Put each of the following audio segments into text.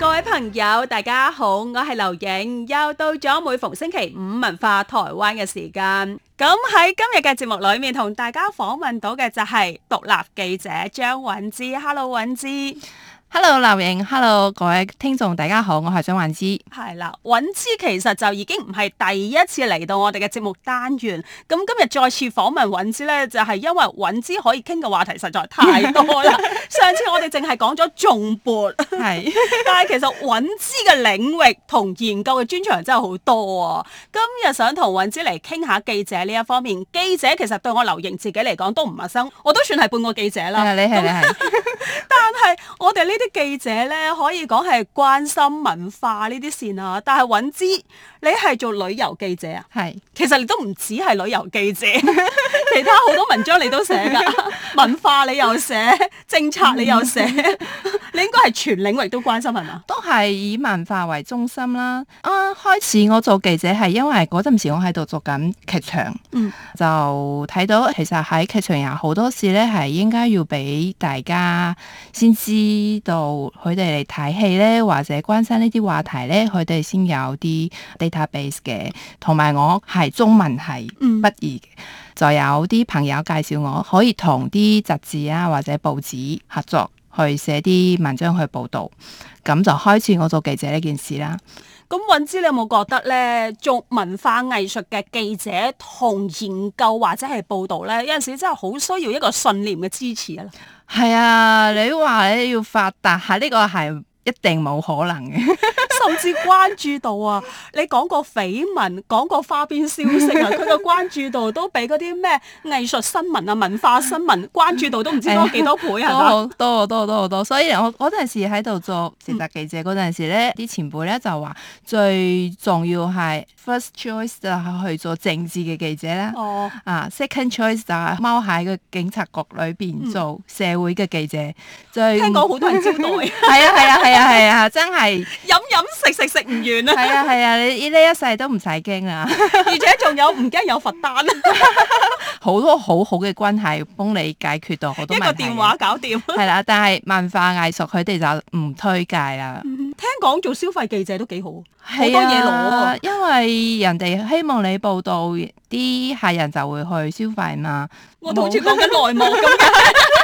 各位朋友，大家好，我係劉影，又到咗每逢星期五文化台灣嘅時間。咁喺今日嘅節目裏面，同大家訪問到嘅就係獨立記者張韻芝。Hello，韻芝。Hello 劉瑩 h e l l o 各位聽眾，大家好，我係張韻芝。係啦，韻芝其實就已經唔係第一次嚟到我哋嘅節目單元。咁今日再次訪問韻芝咧，就係、是、因為韻芝可以傾嘅話題實在太多啦。 上次我哋淨係講咗重撥，係 是， 但係其實韻芝嘅領域同研究嘅專長真係好多啊、哦。今日想同韻芝嚟傾下記者呢一方面，記者其實對我劉瑩自己嚟講都唔陌生，我都算係半個記者啦。係， 係，係。 但係我哋呢啲。記者咧可以講係關心文化呢啲線啊，但係尹之你係做旅遊記者啊？係是，其實你都唔止係旅遊記者， 其他好多文章你都寫噶， 文化你又寫，政策你又寫。嗯 你應該係全領域都關心係嘛？都係以文化為中心啦。啊，開始我做記者係因為嗰陣時我喺度做緊劇場，嗯、就睇到其實喺劇場有好多事咧，係應該要俾大家先知道佢哋嚟睇戲咧，或者關心呢啲話題咧，佢哋先有啲 database 嘅。同埋我係中文係不二嘅，就、嗯、有啲朋友介紹我可以同啲雜誌啊或者報紙合作。去寫啲文章去報道，咁就開始我做記者呢件事啦。咁尹之，你有冇覺得咧，做文化藝術嘅記者同研究或者係報道咧，有陣時真係好需要一個信念嘅支持啊？係啊，你話你要發達，係、啊、呢、呢個係。一定冇可能嘅，甚至關注度啊！你講個緋聞，講個花邊消息啊！佢個關注度都比嗰啲咩藝術新聞啊、文化新聞關注度都唔知多幾多倍啊，多好多好多好多！所以我陣時喺度做時事記者，陣時咧啲前輩咧就話最重要係 first choice 就係去做政治嘅記者啦。哦。啊，second choice 就係踎喺個警察局裏邊做社會嘅記者。係聽講好多人招待。係啊！係啊！係。係啊，啊，啊，真係飲飲食食食唔完啊！係啊係啊，你呢一世都唔使驚啊！ 而且仲有唔驚有罰單， 好多好好多好好嘅關係幫你解決到好多問題。一個電話搞掂。係 啦、啊，但係文化藝術佢哋就唔推介啦、嗯。聽講做消費記者都幾好，好多嘢攞啊！因為人哋希望你報道，啲客人就會去消費嘛。我好似講緊內幕咁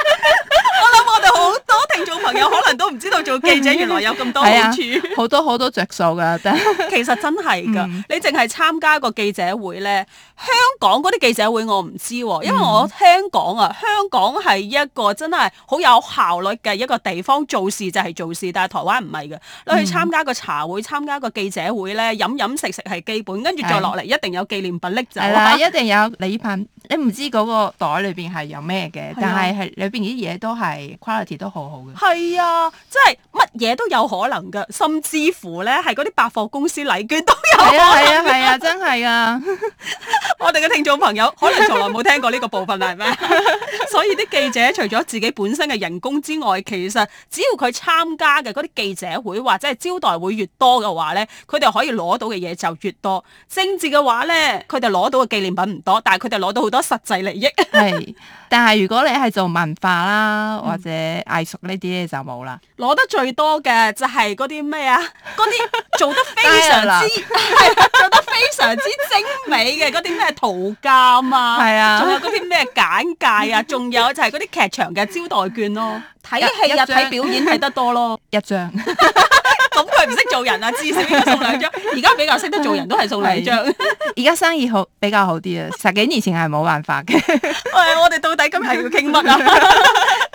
好多聽眾朋友可能都唔知道做記者 原來有咁多好處，好、啊、多，多好多着數噶。但 其實真係噶，嗯、你淨係參加個記者會咧，香港嗰啲記者會我唔知喎、哦，因為我聽講啊，香港係一個真係好有效率嘅一個地方，做事就係做事，但係台灣唔係嘅。你、嗯、去參加個茶會，參加個記者會咧，飲飲食食係基本，跟住再落嚟一定有紀念品拎走、嗯， 一定有禮品。你唔知嗰個袋裏邊係有咩嘅，的但係係裏邊啲嘢都係 quality。都好好嘅，係啊，即係乜嘢都有可能㗎，甚至乎呢，係嗰啲百貨公司禮券都有。係啊，係啊，啊，真係啊！ 我哋嘅聽眾朋友可能從來冇聽過呢個部分，係咩？ 所以啲記者除咗自己本身嘅人工之外，其實只要佢參加嘅嗰啲記者會或者係招待會越多嘅話呢，佢哋可以攞到嘅嘢就越多。政治嘅話呢，佢哋攞到嘅紀念品唔多，但係佢哋攞到好多實際利益。係 ，但係如果你係做文化啦或者、嗯，藝術呢啲咧就冇啦，攞得最多嘅就係嗰啲咩啊？嗰啲做得非常之係啊，做得非常之精美嘅嗰啲咩圖鑑啊，係啊，仲有嗰啲咩簡介啊，仲有就係嗰啲劇場嘅招待券咯，睇戲又睇表演睇得多咯，一張咁佢唔識做人啊，至少應該送兩張，而家比較識得做人都係送兩張，而家生意好比較好啲啊，十幾年前係冇辦法嘅，喂，我哋到底今日要傾乜啊？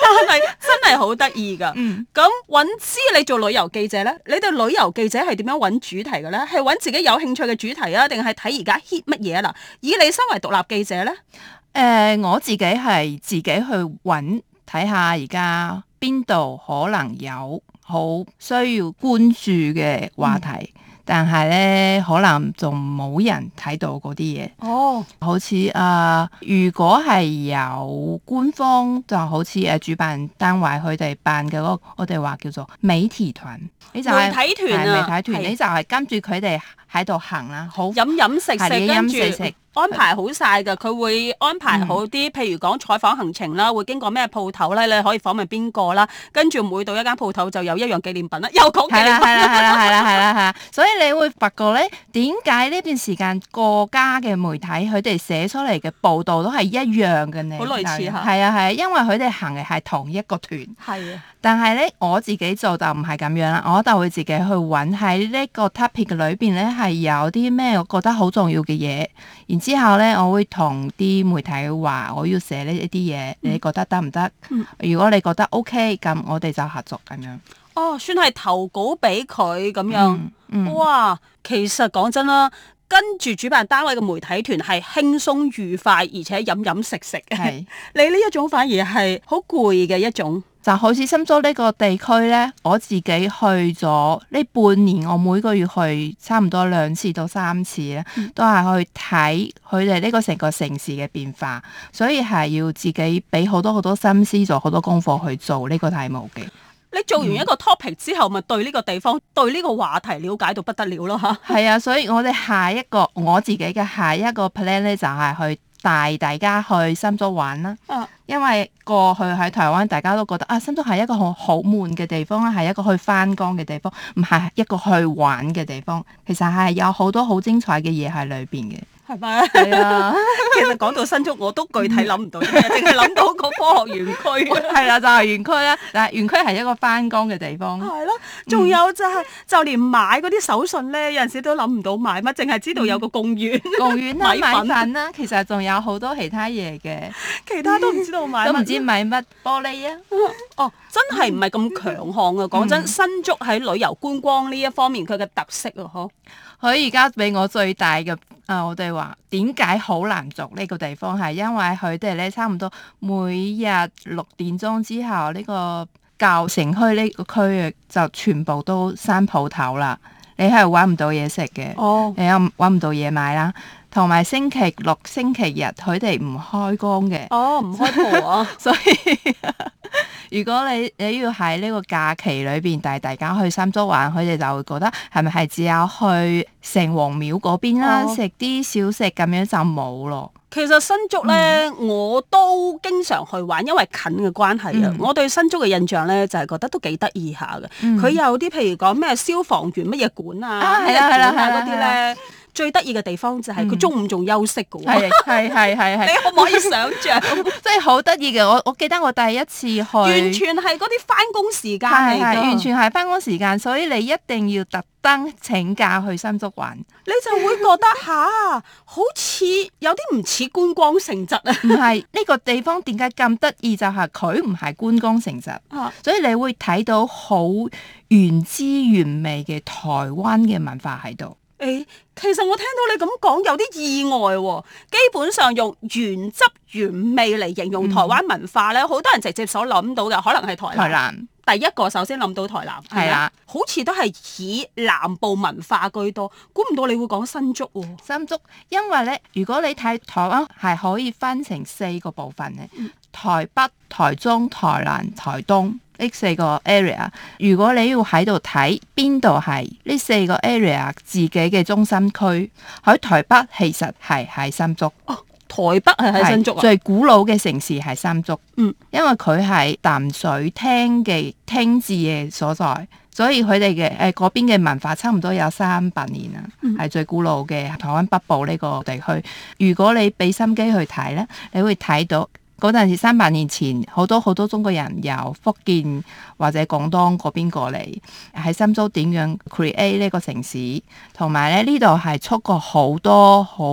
係 真係好得意噶，咁搵，知你做旅遊記者咧？你對旅遊記者係點樣搵主題嘅咧？係搵自己有興趣嘅主題啊，定係睇而家 hit 乜嘢？啊？嗱、嗯，以你身為獨立記者咧，誒、嗯，我自己係自己去搵睇下而家邊度可能有好需要關注嘅話題。嗯嗯嗯但係咧，可能仲冇人睇到嗰啲嘢。哦、oh.，好似誒，如果係由官方，就好似誒主辦單位佢哋辦嘅嗰、那個，我哋話叫做媒體團。你就係媒體團啊！媒體團你就係跟住佢哋，喺度行啦，好飲飲食食飲住食安排好晒噶，佢的會安排好啲。嗯、譬如講採訪行程啦，會經過咩鋪頭啦，你可以訪問邊個啦，跟住每到一間鋪頭就有一樣紀念品啦，又講紀念品啦，係啦係啦係啦係啊，所以你會發覺咧，點解呢段時間各家嘅媒體佢哋寫出嚟嘅報道都係一樣嘅呢？好類似吓，係啊係，因為佢哋行嘅係同一個團，係啊的。的但係咧，我自己做就唔係咁樣啦，我就會自己去揾喺呢個 topic 嘅裏邊咧。係有啲咩，我覺得好重要嘅嘢，然之後呢，我會同啲媒體話我要寫呢一啲嘢，嗯、你覺得得唔得？嗯、如果你覺得 OK，咁我哋就合作咁樣。哦，算係投稿俾佢咁樣。嗯嗯、哇，其實講真啦，跟住主辦單位嘅媒體團係輕鬆愉快，而且飲飲食食。係是 你呢一種反而係好攰嘅一種。就好似深圳呢個地區呢，我自己去咗呢半年，我每個月去差唔多兩次到三次咧，都係去睇佢哋呢個成個城市嘅變化，所以係要自己俾好多好多心思做好多功課去做呢個題目嘅。你做完一個 topic，嗯、之後，咪對呢個地方對呢個話題了解到不得了咯嚇。係 啊，所以我哋下一個我自己嘅下一個 plan 呢，就係去。帶大家去深圳玩啦，因為過去喺台灣大家都覺得啊，深圳係一個好好悶嘅地方啦，係一個去返工嘅地方，唔係一個去玩嘅地方。其實係有好多好精彩嘅嘢喺裏邊嘅。係咪啊？係啊， 其實講到新竹，我都具體諗唔到嘢，淨係諗到個科學園區、， 就係、區。係啦，就係園區啦。但係，園區係一個翻工嘅地方。係咯，仲有就係、是嗯、就連買嗰啲手信咧，有陣時都諗唔到買乜，淨係知道有個貢丸。嗯、 貢丸啦、啊，米粉啦、啊，其實仲有好多其他嘢嘅。 其他都唔知道買。都唔 知買乜玻璃啊？ 哦， 哦，真係唔係咁強項啊！講真，嗯、新竹喺旅遊觀光呢一方面，佢嘅特色啊，嗬。佢而家俾我最大嘅，啊，我哋話點解好難做呢個地方，係因為佢哋咧，差唔多每日六點鐘之後呢、這個舊城區呢個區域就全部都閂鋪頭啦，你係揾唔到嘢食嘅，哦、oh，你又揾唔到嘢買啦，同埋星期六、星期日佢哋唔開工嘅，哦，唔開鋪啊， 所以。 如果你你要喺呢個假期裏邊帶大家去新竹玩，佢哋就會覺得係咪係只有去城隍廟嗰邊啦，食啲小食咁樣就冇咯。其實新竹咧，我都經常去玩，因為近嘅關係啊。我對新竹嘅印象咧，就係覺得都幾得意下嘅。佢有啲譬如講咩消防員乜嘢館啊，係啊係啊嗰啲咧，最得意嘅地方就係佢中午仲休息㗎喎、啊，係係係你可唔可以想象？即係好得意嘅，我我記得我第一次去， 完全係嗰啲翻工時間嚟嘅，完全係翻工時間，所以你一定要特登請假去新竹玩。你就會覺得吓、 啊，好似有啲唔似觀光城鎮啊！唔係呢個地方點解咁得意？就係佢唔係觀光城鎮，啊、所以你會睇到好原汁原味嘅台灣嘅文化喺度。誒、哎，其實我聽到你咁講有啲意外喎、哦。基本上用原汁原味嚟形容台灣文化呢，好、嗯、多人直接所諗到嘅可能係台南。台南第一個，首先諗到台南係啦，吧啊、好似都係以南部文化居多。估唔到你會講新竹喎、哦。新竹，因為呢，如果你睇台灣係可以分成四個部分嘅，嗯、台北、台中、台南、台東。呢四個 area，如果你要喺度睇邊度係呢四個 area 自己嘅中心區，喺台北其實係喺新竹。哦，台北係喺新竹？最古老嘅城市係新竹。嗯，因為佢係淡水廳嘅廳治嘅所在，所以佢哋嘅誒嗰邊嘅文化差唔多有三百年啦，係、嗯、最古老嘅台灣北部呢個地區。如果你俾心機去睇咧，你會睇到。嗰陣時三百年前，好多好多中國人由福建或者廣東嗰邊過嚟，喺新州點樣 create 呢個城市？同埋咧，呢度係出過好多好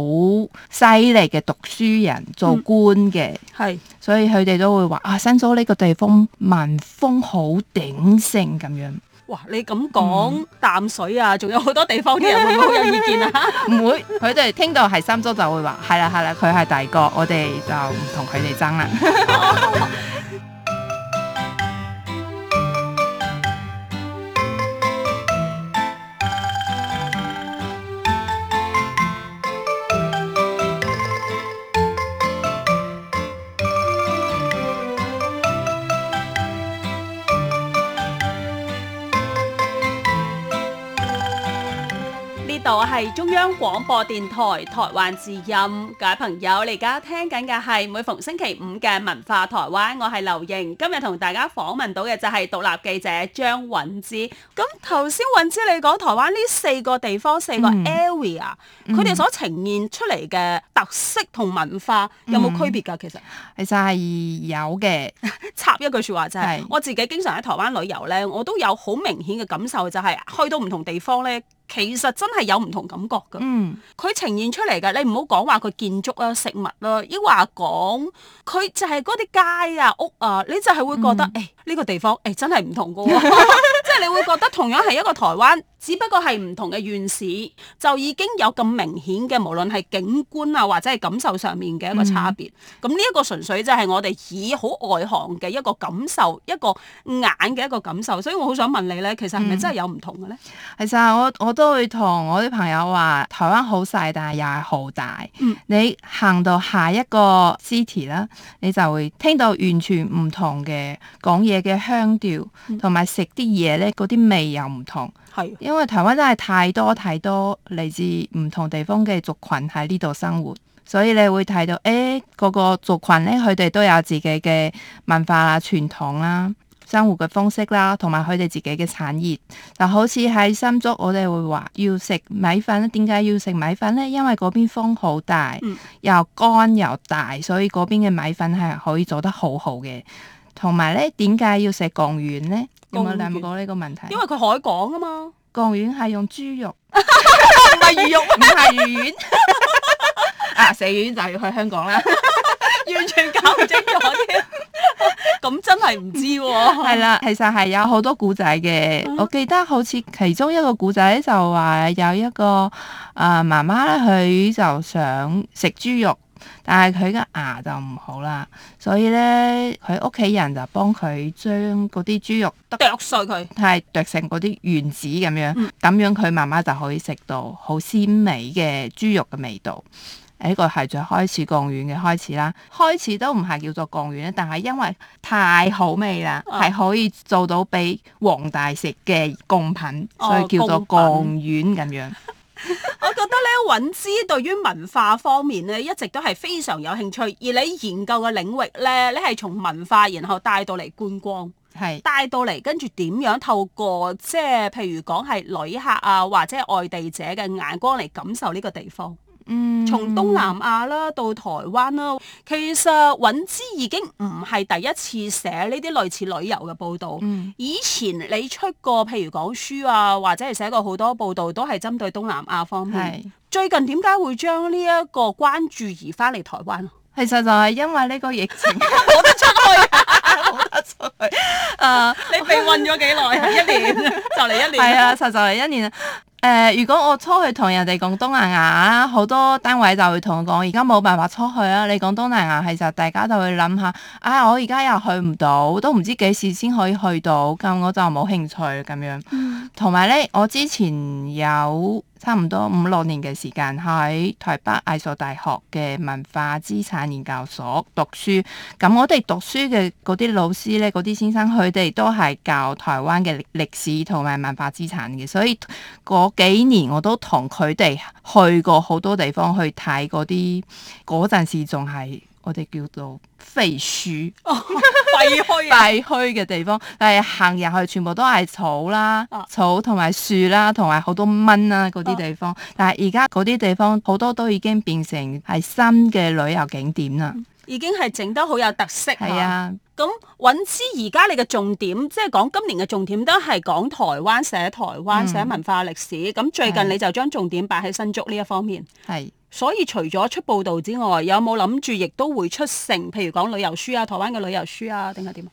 犀利嘅讀書人做官嘅，係、嗯，所以佢哋都會話啊，新州呢個地方文風好鼎盛咁樣。你咁講、嗯、淡水啊，仲有好多地方啲人會唔會好有意見啊？唔 會，佢哋聽到係三中就會話：係啦， 係啦，佢係第個，我哋就唔同佢哋爭啦。 度係中央廣播電台台灣之音，各位朋友，你而家聽緊嘅係每逢星期五嘅文化台灣，我係劉盈，今日同大家訪問到嘅就係獨立記者張韻芝。咁頭先韻芝你講台灣呢四個地方四個 area，佢哋、嗯嗯、所呈現出嚟嘅特色同文化有冇區別噶？其實有有、嗯、其實係有嘅。 插一句說話就係、是，是我自己經常喺台灣旅遊呢，我都有好明顯嘅感受、就是，就係去到唔同地方呢。其實真係有唔同感覺噶，佢、嗯、呈現出嚟嘅，你唔好講話佢建築啦、啊、食物啦、啊，要話講佢就係嗰啲街啊、屋啊，你就係會覺得，誒呢、嗯哎呢個地方誒、哎、真係唔同噶喎、啊， 即係你會覺得同樣係一個台灣。只不過係唔同嘅縣市，就已經有咁明顯嘅，無論係景觀啊，或者係感受上面嘅一個差別。咁呢一個純粹就係我哋以好外行嘅一個感受，一個眼嘅一個感受。所以我好想問你咧，其實係咪真係有唔同嘅咧？係啊、嗯，我我都會同我啲朋友話，台灣好細，但係又係好大。嗯、你行到下一個 city 啦，你就會聽到完全唔同嘅講嘢嘅腔調，同埋食啲嘢咧，嗰啲味又唔同。因為台灣真係太多太多嚟自唔同地方嘅族群喺呢度生活，所以你會睇到，誒、哎，嗰個族群咧，佢哋都有自己嘅文化啊、傳統啦、生活嘅方式啦，同埋佢哋自己嘅產業。嗱，好似喺新竹，我哋會話要食米粉，點解要食米粉呢？因為嗰邊風好大，又乾又大，所以嗰邊嘅米粉係可以做得好好嘅。同埋咧，點解要食貢丸呢？咁啊，兩唔講呢個問題，因為佢海港啊嘛，貢丸係用豬肉，唔係 魚肉，唔係魚丸 啊！食丸就要去香港啦， 完全搞唔清楚添。咁 真係唔知喎、啊。係啦，其實係有好多古仔嘅。嗯、我記得好似其中一個古仔就話有一個啊、呃、媽媽佢就想食豬肉。但係佢嘅牙就唔好啦，所以咧佢屋企人就幫佢將嗰啲豬肉剁碎佢，係剁成嗰啲丸子咁樣，咁、嗯、樣佢媽媽就可以食到好鮮美嘅豬肉嘅味道。呢、這個係最開始貢丸嘅開始啦，開始都唔係叫做貢丸，但係因為太好味啦，係、哦、可以做到俾皇大食嘅貢品，所以叫做貢丸咁樣。哦 我覺得咧，尹姿對於文化方面咧，一直都係非常有興趣。而你研究嘅領域咧，你係從文化，然後帶到嚟觀光，係是帶到嚟跟住點樣透過即係譬如講係旅客啊，或者外地者嘅眼光嚟感受呢個地方。嗯，從東南亞啦到台灣啦，其實尹姿已經唔係第一次寫呢啲類似旅遊嘅報道。以前你出過譬如講書啊，或者係寫過好多報道，都係針對東南亞方面。最近點解會將呢一個關注移翻嚟台灣？其實就係因為呢個疫情，冇得出去，冇得出去。誒，你被困咗幾耐啊？一年就嚟一年，係啊，實就嚟一年。誒、呃，如果我出去同人哋講東南亞啊，好多單位就會同我講，而家冇辦法出去啦。你講東南亞其實大家就會諗下，啊、哎，我而家又去唔到，都唔知幾時先可以去到，咁我就冇興趣咁樣。同埋咧，我之前有。差唔多五六年嘅時間喺台北藝術大學嘅文化資產研究所讀書，咁我哋讀書嘅嗰啲老師咧，嗰啲先生佢哋都係教台灣嘅歷史同埋文化資產嘅，所以嗰幾年我都同佢哋去過好多地方去睇嗰啲，嗰陣時仲係。我哋叫做廢墟，廢墟、哦、廢墟嘅地方， 但係行入去全部都係草啦、啊、草同埋樹啦，同埋好多蚊啦嗰啲地方。啊、但係而家嗰啲地方好多都已經變成係新嘅旅遊景點啦。嗯已經係整得好有特色吓、啊，咁揾知而家你嘅重點，即係講今年嘅重點都係講台灣、寫台灣、寫、嗯、文化歷史。咁最近你就將重點擺喺新竹呢一方面。係是，所以除咗出報道之外，有冇諗住亦都會出成，譬如講旅遊書啊，台灣嘅旅遊書啊，定係點？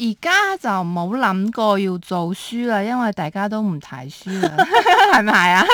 而家就冇諗過要做書啦，因為大家都唔睇書啦，係咪 啊？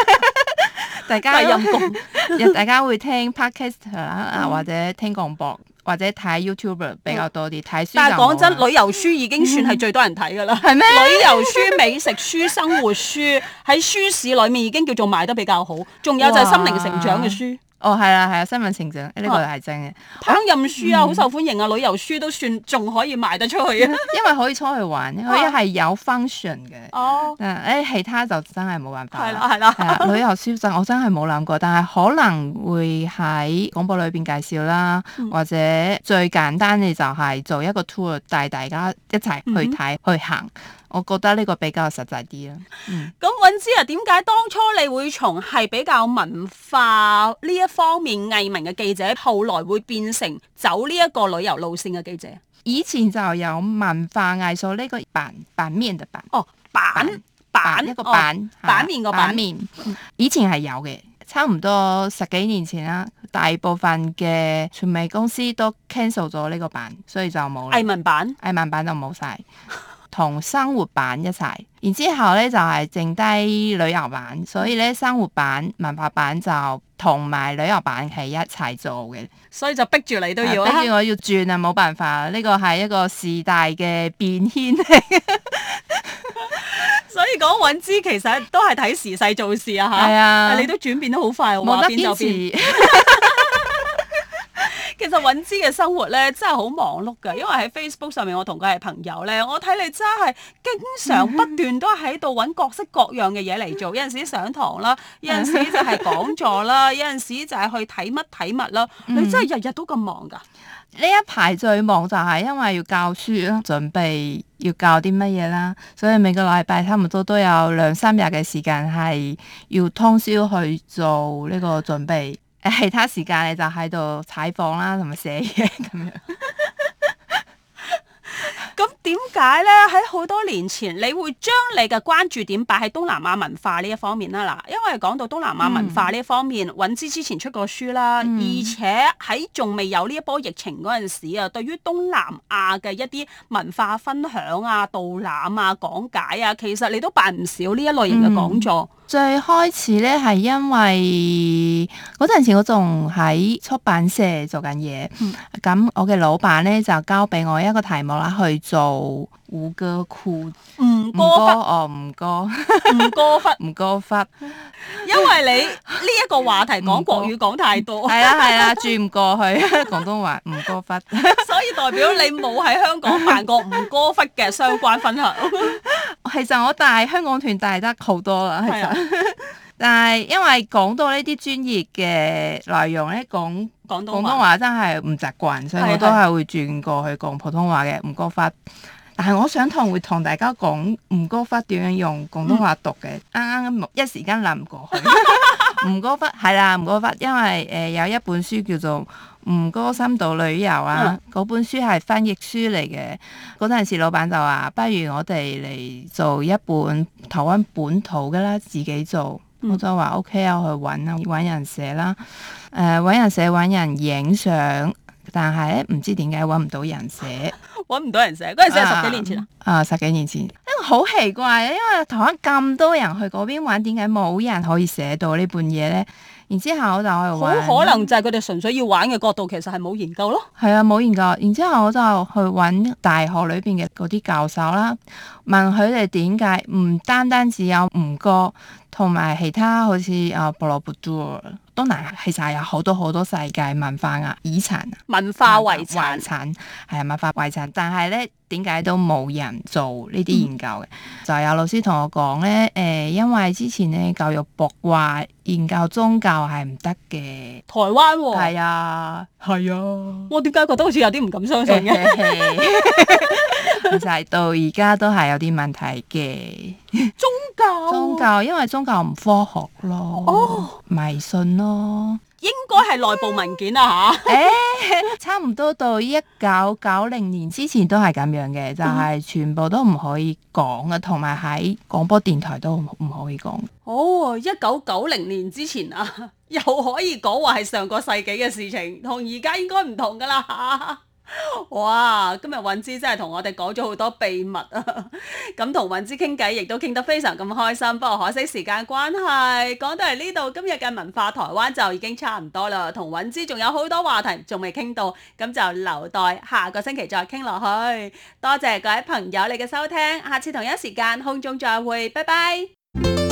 大家任讀， 大家會聽 podcast 啊，或者聽廣播。或者睇 YouTuber 比較多啲睇、嗯、書。但係講真，旅遊書已經算係最多人睇㗎啦。係咩、嗯？ 旅遊書、美食書、生活書，喺 書市裏面已經叫做賣得比較好，仲有就係心靈成長嘅書。哦，係啊，係啊，新聞成像呢個係正嘅。睇烹飪書啊，好受歡迎啊，旅遊書都算仲可以賣得出去啊。因為可以出去玩，因為係有 function 嘅。哦。誒，其他就真係冇辦法。係啦，係啦。旅遊書就我真係冇諗過，但係可能會喺廣播裏邊介紹啦，或者最簡單嘅就係做一個 tour 帶大家一齊去睇去行。我覺得呢個比較實際啲啦。咁、嗯、尹之啊，點解當初你會從係比較文化呢一方面藝文嘅記者，後來會變成走呢一個旅遊路線嘅記者？以前就有文化藝術呢個版版面嘅版哦，版版一個版版、哦、面個版面，嗯、以前係有嘅，差唔多十幾年前啦。大部分嘅傳媒公司都 cancel 咗呢個版，所以就冇啦，藝文版，藝文版就冇晒。 同生活版一齊，然之後咧就係、是、剩低旅遊版，所以咧生活版、文化版就同埋旅遊版係一齊做嘅，所以就逼住你都要，跟住、啊、我要轉啊，冇辦法，呢、這個係一個時代嘅變遷， 所以講穩資其實都係睇時勢做事啊，吓，係啊，你都轉變得好快，冇得堅持。 其實尹姿嘅生活咧真係好忙碌㗎，因為喺 Facebook 上面我同佢係朋友咧，我睇你真係經常不斷都喺度揾各式各樣嘅嘢嚟做， 有陣時上堂啦，有陣時就係講座啦， 有陣時就係去睇乜睇乜啦。嗯、你真係日日都咁忙噶？呢一排最忙就係因為要教書啦，準備要教啲乜嘢啦，所以每個禮拜差唔多都有兩三日嘅時間係要通宵去做呢個準備。誒其他時間你就喺度採訪啦，同埋寫嘢咁樣。點解咧？喺好多年前，你會將你嘅關注點擺喺東南亞文化呢一方面啦。嗱，因為講到東南亞文化呢一方面，嗯、尹之之前出過書啦，嗯、而且喺仲未有呢一波疫情嗰陣時啊，對於東南亞嘅一啲文化分享啊、導覽啊、講解啊，其實你都辦唔少呢一類型嘅講座，嗯。最開始咧，係因為嗰陣時我仲喺出版社做緊嘢，咁、嗯、我嘅老闆咧就交俾我一個題目啦去做。胡哥窟，唔過忽哦，唔過，唔過忽，唔過忽，因為你呢一個話題講國語講太多，係啦係啦，轉唔過去廣東話，唔過忽， 所以代表你冇喺香港辦過唔過忽嘅相關分享。 其實我帶香港團帶得好多啦，其實。但係因為講到呢啲專業嘅內容咧，講廣東，廣東話真係唔習慣，是是所以我都係會轉過去講普通話嘅吳哥窟。但係我上堂會同大家講吳哥窟點樣用廣東話讀嘅，啱啱、嗯、一時間諗唔過去。 吳哥窟係啦，吳哥窟，因為誒有一本書叫做《吳哥深度旅遊》啊，嗰、嗯、本書係翻譯書嚟嘅。嗰陣時老闆就話：不如我哋嚟做一本台灣本土嘅啦，自己做。OK, 我就話 OK 啊，去揾啊，揾人寫啦，誒、呃、揾人寫揾人影相，但係咧唔知點解揾唔到人寫，揾唔 到人寫嗰陣時係十幾年前啊，啊，十幾年前，因為好奇怪，因為台灣咁多人去嗰邊玩，點解冇人可以寫到呢半嘢咧？然之後我就去好可能就係佢哋純粹要玩嘅角度，其實係冇研究咯。係啊，冇研究。然之後我就去揾大學裏邊嘅嗰啲教授啦，問佢哋點解唔單單只有吳哥，同埋其他好似啊菠蘿布杜，東南亞其實係有好多好多世界文化啊遺產、文化遺產，係啊文化遺產，但係咧，點解都冇人做呢啲研究嘅？嗯、就有老師同我講咧，誒、欸，因為之前咧教育部，話研究宗教係唔得嘅。台灣？係啊，係啊。我點解覺得好似有啲唔敢相信嘅？其實係 到而家都係有啲問題嘅。 宗教， 宗教，因為宗教唔科學咯，哦、迷信咯。應該係內部文件啦嚇。嗯欸、 差唔多到一九九零年之前都係咁樣嘅，就係、是、全部都唔可以講嘅，同埋喺廣播電台都唔可以講。哦，一九九零年之前啊，又可以講話係上個世紀嘅事情，同而家應該唔同㗎啦。哈哈。哇！今日允之真係同我哋講咗好多秘密啊！咁同允之傾偈亦都傾得非常咁開心，不過可惜時間關係，講到嚟呢度，今日嘅文化台灣就已經差唔多啦。同允之仲有好多話題仲未傾到，咁就留待下個星期再傾落去。多謝各位朋友你嘅收聽，下次同一時間空中再會，拜拜。